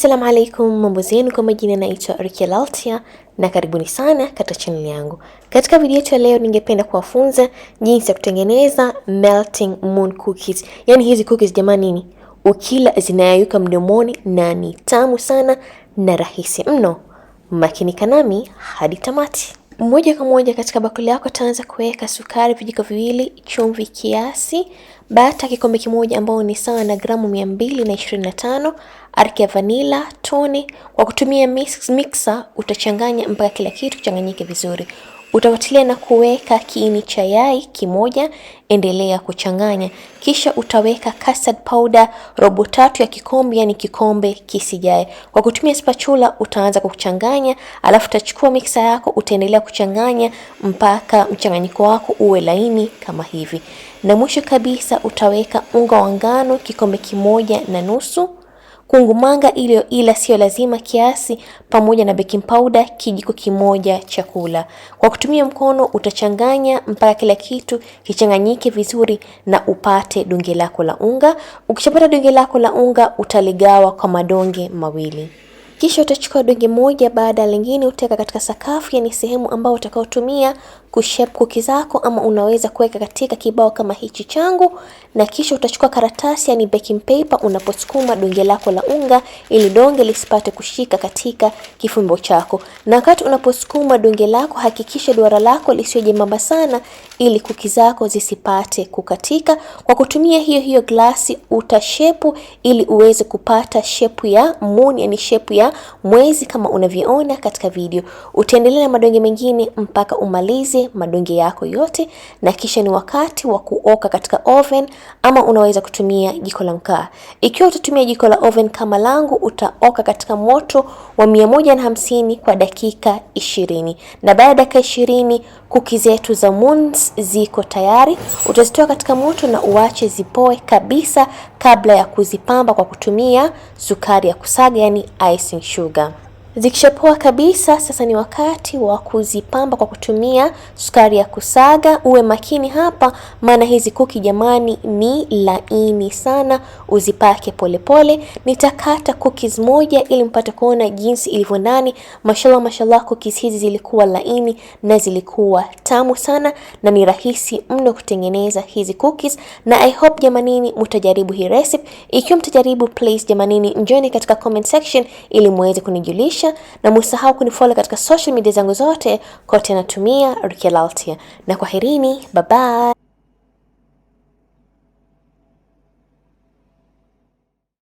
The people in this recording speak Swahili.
Assalamu alaikum, mambo zenu, kwa majina naitwa Ricky Laltia na karibuni sana katika channel yangu. Katika video yetu ya leo, ningependa kuwafunza jinsi ya kutengeneza melting moon cookies. Yaani hizi cookies jamani, nini ukila zinayayuka mdomoni na ni tamu sana na rahisi mno. Makinika nami hadi tamati. Moja kwa moja katika bakuli yako utaanza kuweka sukari vijiko viwili, chumvi kiasi, bata kikombe kimoja ambao ni sawa na gramu mia mbili na ishirini na tano, arki ya vanila tone. Kwa kutumia mix, mixer utachanganya mpaka kila kitu kichanganyike vizuri. Utafuatilia na kuweka kiini cha yai kimoja, endelea kuchanganya, kisha utaweka custard powder robo tatu ya kikombe, yani kikombe kisijae. Kwa kutumia spatula utaanza kuchanganya, alafu utachukua miksa yako, utaendelea kuchanganya mpaka mchanganyiko wako uwe laini kama hivi, na mwisho kabisa utaweka unga wa ngano kikombe kimoja na nusu kungumanga mwanga iliyoila siyo lazima kiasi, pamoja na baking powder kijiko kimoja cha kula. Kwa kutumia mkono utachanganya mpaka kila kitu kichanganyike vizuri na upate donge lako la unga. Ukishapata donge lako la unga utaligawa kwa madonge mawili. Kisha utachukua donge moja baada ya lingine utaweka katika sakafu, yani sehemu ambayo utakaotumia kushape kuki zako, ama unaweza kuweka katika kibao kama hichi changu. Na kisha utachukua karatasi, yani baking paper, unaposukuma donge lako la unga, ili donge lisipate kushika katika kifumbo chako. Na wakati unaposukuma donge lako, hakikisha duara lako lisiwe jembamba sana, ili kuki zako zisipate kukatika. Kwa kutumia hiyo hiyo glasi utashepu, ili uweze kupata shepu ya moon, yani shepu ya mwezi kama unavyoona katika video. Utaendelea na madonge mengine mpaka umalize madonge yako yote, na kisha ni wakati wa kuoka katika oven, ama unaweza kutumia jiko la mkaa. Ikiwa utatumia jiko la oven kama langu, utaoka katika moto wa 150 kwa dakika 20, na baada ya dakika 20 kuki zetu za moons ziko tayari. Utazitoa katika moto na uache zipoe kabisa kabla ya kuzipamba kwa kutumia sukari ya kusaga, yani icing baking sugar. Zikishapoa kabisa, sasa ni wakati wa kuzipamba kwa kutumia sukari ya kusaga. Uwe makini hapa, maana hizi kuki jamani ni laini sana, uzipake polepole pole. Nitakata cookies moja ili mpate kuona jinsi ilivyo ndani. Mashallah, mashallah, cookies hizi zilikuwa laini na zilikuwa tamu sana na ni rahisi mno kutengeneza hizi cookies, na I hope jamanini mtajaribu hii recipe. Ikiwa mtajaribu, please jamanini, njoni katika comment section ili muweze kunijulisha, na msahau kunifollow katika social media zangu zote kote, natumia Rukia Laltia, na kwaherini, bye bye.